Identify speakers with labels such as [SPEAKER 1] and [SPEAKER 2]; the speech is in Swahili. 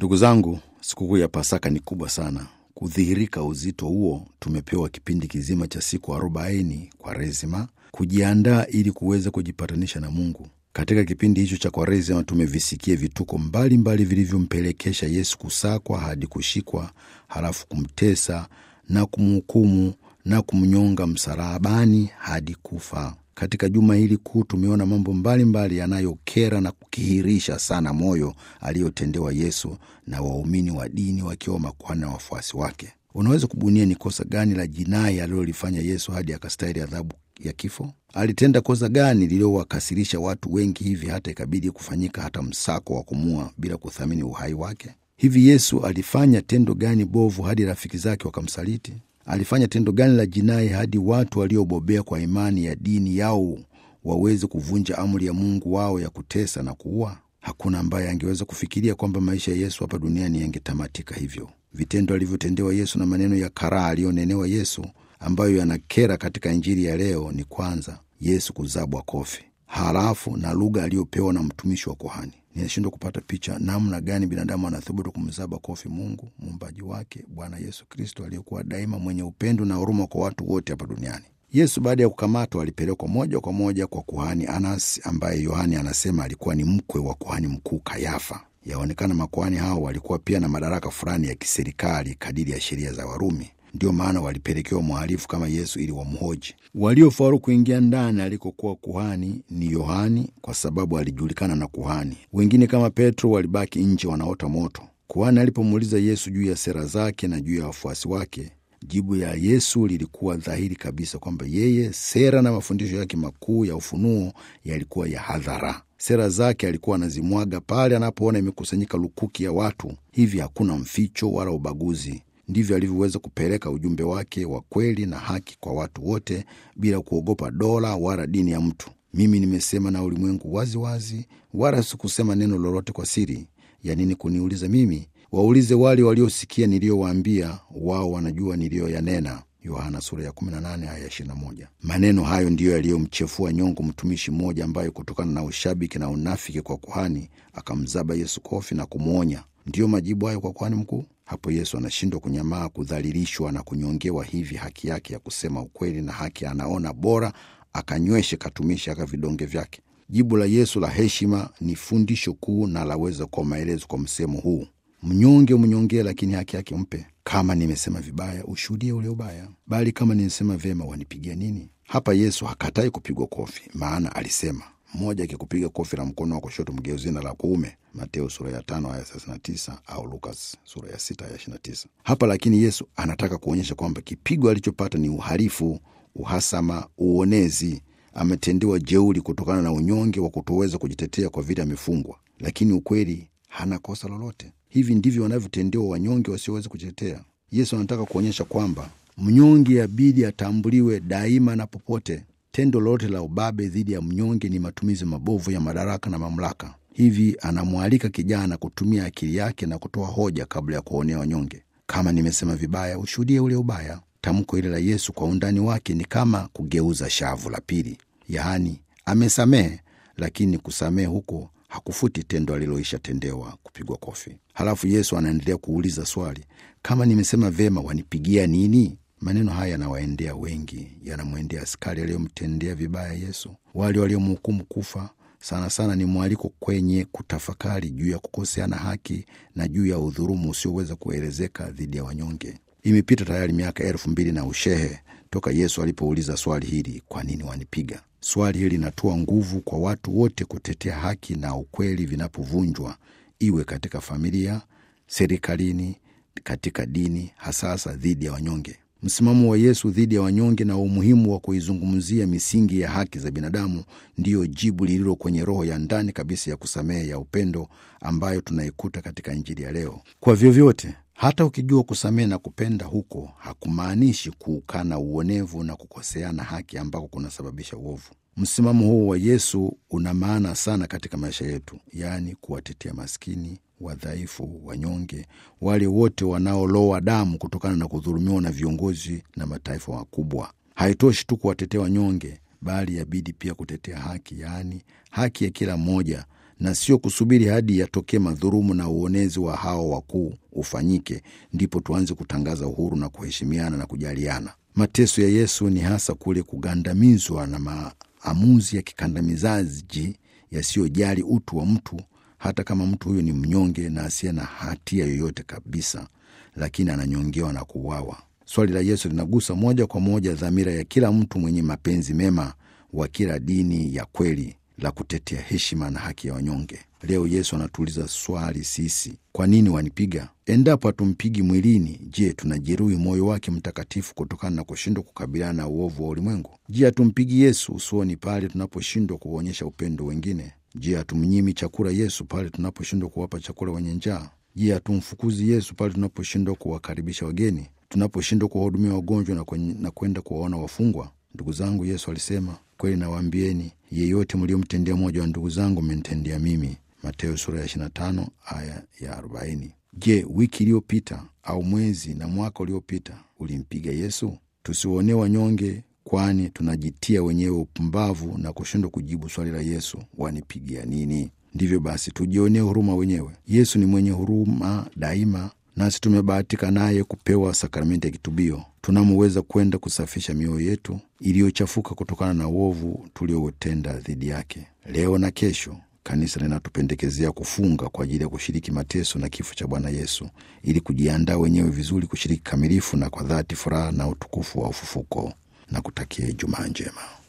[SPEAKER 1] Ndugu zangu, sikukuu ya Pasaka ni kubwa sana. Kudhihirika uzito huo, tumepewa kipindi kizima cha siku arobaini Kwaresima kujiandaa ili kuweza kujipatanisha na Mungu. Katika kipindi hicho cha Kwaresima tumevisikia vituko mbalimbali vilivyompelekesha Yesu kusakwa hadi kushikwa, halafu kumtesa na kumhukumu na kumnyonga msalabani hadi kufa. Katika juma hili kuu tumeona mambo mbalimbali yanayokera na kukihirisha sana moyo aliyotendewa Yesu na waumini wa dini wakiwa makuhani na wafuasi wake. Unaweza kubunia ni kosa gani la jinai alilolifanya Yesu hadi akastahili adhabu ya kifo? Alitenda kosa gani lililowakasirisha watu wengi hivi hata ikabidi kufanyika hata msako wa kumua bila kuthamini uhai wake? Hivi Yesu alifanya tendo gani bovu hadi rafiki zake wakamsaliti? alifanya tendo gani la jinai hadi watu waliobobea kwa imani ya dini yao waweze kuvunja amri ya Mungu wao ya kutesa na kuua? Hakuna ambaye angeweza kufikiria kwamba maisha ya Yesu hapa duniani yangetamatika hivyo. Vitendo alivyotendewa Yesu na maneno ya karaa aliyonenewa Yesu ambayo yanakera katika Injili ya leo ni kwanza, Yesu kuzabwa kofi, halafu na lugha aliyopewa na mtumishi wa kuhani ninashindwa kupata picha namna gani binadamu anathubutu kumzaba kofi Mungu muumbaji wake, Bwana Yesu Kristo aliyekuwa daima mwenye upendo na huruma kwa watu wote hapa duniani. Yesu baada ya kukamatwa alipelekwa moja kwa moja kwa kuhani Anasi ambaye Yohani anasema alikuwa ni mkwe wa kuhani mkuu Kayafa. Yaonekana makuhani hao walikuwa pia na madaraka fulani ya kiserikali kadiri ya sheria za Warumi. Ndiyo maana walipelekewa mhalifu kama Yesu ili wamhoji. Waliofaulu kuingia ndani alikokuwa kuhani ni Yohani, kwa sababu alijulikana na kuhani. Wengine kama Petro walibaki nje, wanaota moto. Kuhani alipomuuliza Yesu juu ya sera zake na juu ya wafuasi wake, jibu ya Yesu lilikuwa dhahiri kabisa kwamba yeye, sera na mafundisho yake makuu ya ufunuo yalikuwa ya hadhara. Sera zake alikuwa anazimwaga pale anapoona imekusanyika lukuki ya watu, hivi hakuna mficho wala ubaguzi ndivyo alivyoweza kupeleka ujumbe wake wa kweli na haki kwa watu wote bila kuogopa dola wala dini ya mtu. Mimi nimesema na ulimwengu waziwazi wala sikusema neno lolote kwa siri. Ya nini kuniuliza mimi? Waulize wale waliosikia niliyowaambia, wao wanajua niliyoyanena. Yohana sura ya 18 aya 21. Maneno hayo ndiyo yaliyomchefua nyongo mtumishi mmoja ambaye kutokana na ushabiki na unafiki kwa kuhani akamzaba Yesu kofi na kumwonya. Ndiyo majibu hayo kwa kuhani mkuu. Hapo Yesu anashindwa kunyamaa, kudhalilishwa na kunyongewa hivi. Haki yake ya kusema ukweli na haki anaona bora akanyweshe katumishi aka vidonge vyake. Jibu la Yesu la heshima ni fundisho kuu na laweza kuwa maelezo kwa msemo huu: mnyonge mnyongee, lakini haki yake mpe. Kama nimesema vibaya, ushuhudie ule ubaya, bali kama nimesema vyema, wanipigia nini? Hapa Yesu hakatai kupigwa kofi, maana alisema mmoja akikupiga kofi la mkono wa kushoto mgeuzi la kuume mateo sura ya tano aya thelathini na tisa au lukas sura ya sita aya ishirina tisa hapa lakini yesu anataka kuonyesha kwamba kipigo alichopata ni uhalifu uhasama uonezi ametendewa jeuri kutokana na unyonge wa kutoweza kujitetea kwa vile amefungwa lakini ukweli hana kosa lolote hivi ndivyo wanavyotendewa wanyonge wasioweza kujitetea yesu anataka kuonyesha kwamba mnyonge abidi atambuliwe daima na popote Tendo lolote la ubabe dhidi ya mnyonge ni matumizi mabovu ya madaraka na mamlaka. Hivi anamwalika kijana kutumia akili yake na kutoa hoja kabla ya kuwaonea wanyonge. Kama nimesema vibaya, ushuhudie ule ubaya. Tamko hili la Yesu kwa undani wake ni kama kugeuza shavu la pili, yaani amesamehe, lakini kusamehe huko hakufuti tendo aliloishatendewa kupigwa kofi. Halafu Yesu anaendelea kuuliza swali, kama nimesema vema, wanipigia nini? Maneno haya yanawaendea wengi, yanamwendea askari aliyomtendea vibaya Yesu, wale waliomhukumu kufa. Sana sana ni mwaliko kwenye kutafakari juu ya kukoseana haki na juu ya udhurumu usioweza kuelezeka dhidi ya wanyonge. Imepita tayari miaka elfu mbili na ushehe toka Yesu alipouliza swali hili, kwa nini wanipiga? Swali hili linatoa nguvu kwa watu wote kutetea haki na ukweli vinapovunjwa, iwe katika familia, serikalini, katika dini, hasasa dhidi ya wanyonge. Msimamo wa Yesu dhidi ya wanyonge na umuhimu wa kuizungumzia misingi ya haki za binadamu ndiyo jibu lililo kwenye roho ya ndani kabisa ya kusamehe ya upendo ambayo tunaikuta katika Injili ya leo. Kwa vyovyote, hata ukijua kusamehe na kupenda huko hakumaanishi kuukana uonevu na kukoseana haki ambako kunasababisha uovu. Msimamo huo wa Yesu una maana sana katika maisha yetu, yaani kuwatetea maskini, wadhaifu, wanyonge, wale wote wanaoloa damu kutokana na kudhulumiwa na viongozi na mataifa makubwa. Haitoshi tu kuwatetea wanyonge, bali yabidi pia kutetea haki, yaani haki ya kila mmoja, na sio kusubiri hadi yatokee madhurumu na uonezi wa hawa wakuu ufanyike ndipo tuanze kutangaza uhuru na kuheshimiana na kujaliana. Mateso ya Yesu ni hasa kule kugandamizwa na ma amuzi ya kikandamizaji yasiyojali utu wa mtu, hata kama mtu huyo ni mnyonge na asiye na hatia yoyote kabisa, lakini ananyongewa na kuuawa. Swali la Yesu linagusa moja kwa moja dhamira ya kila mtu mwenye mapenzi mema wa kila dini ya kweli la kutetea heshima na haki ya wanyonge. Leo Yesu anatuuliza swali sisi, kwa nini wanipiga? Endapo hatumpigi mwilini, je, tunajeruhi moyo wake mtakatifu kutokana na kushindwa kukabiliana na uovu wa ulimwengu? Je, hatumpigi Yesu usoni pale tunaposhindwa kuonyesha upendo wengine? Je, hatumnyimi chakula Yesu pale tunaposhindwa kuwapa chakula wenye njaa? Je, hatumfukuzi Yesu pale tunaposhindwa kuwakaribisha wageni, tunaposhindwa kuwahudumia wagonjwa na kwenda kuwaona wafungwa? Ndugu zangu, Yesu alisema, kweli nawaambieni, yeyote mliomtendea mmoja wa ndugu zangu mmenitendea mimi. Mateo sura ya 25 aya ya 40. Je, wiki iliyopita au mwezi na mwaka uliopita ulimpiga Yesu? Tusiwaonee wanyonge, kwani tunajitia wenyewe upumbavu na kushindwa kujibu swali la Yesu, wanipigia nini? Ndivyo basi tujionee huruma wenyewe. Yesu ni mwenye huruma daima, nasi tumebahatika naye kupewa sakramenti ya kitubio tunamoweza kwenda kusafisha mioyo yetu iliyochafuka kutokana na uovu tuliotenda dhidi yake. Leo na kesho, kanisa linatupendekezea kufunga kwa ajili ya kushiriki mateso na kifo cha Bwana Yesu ili kujiandaa wenyewe vizuri kushiriki kamilifu na kwa dhati furaha na utukufu wa ufufuko, na kutakia Ijumaa njema.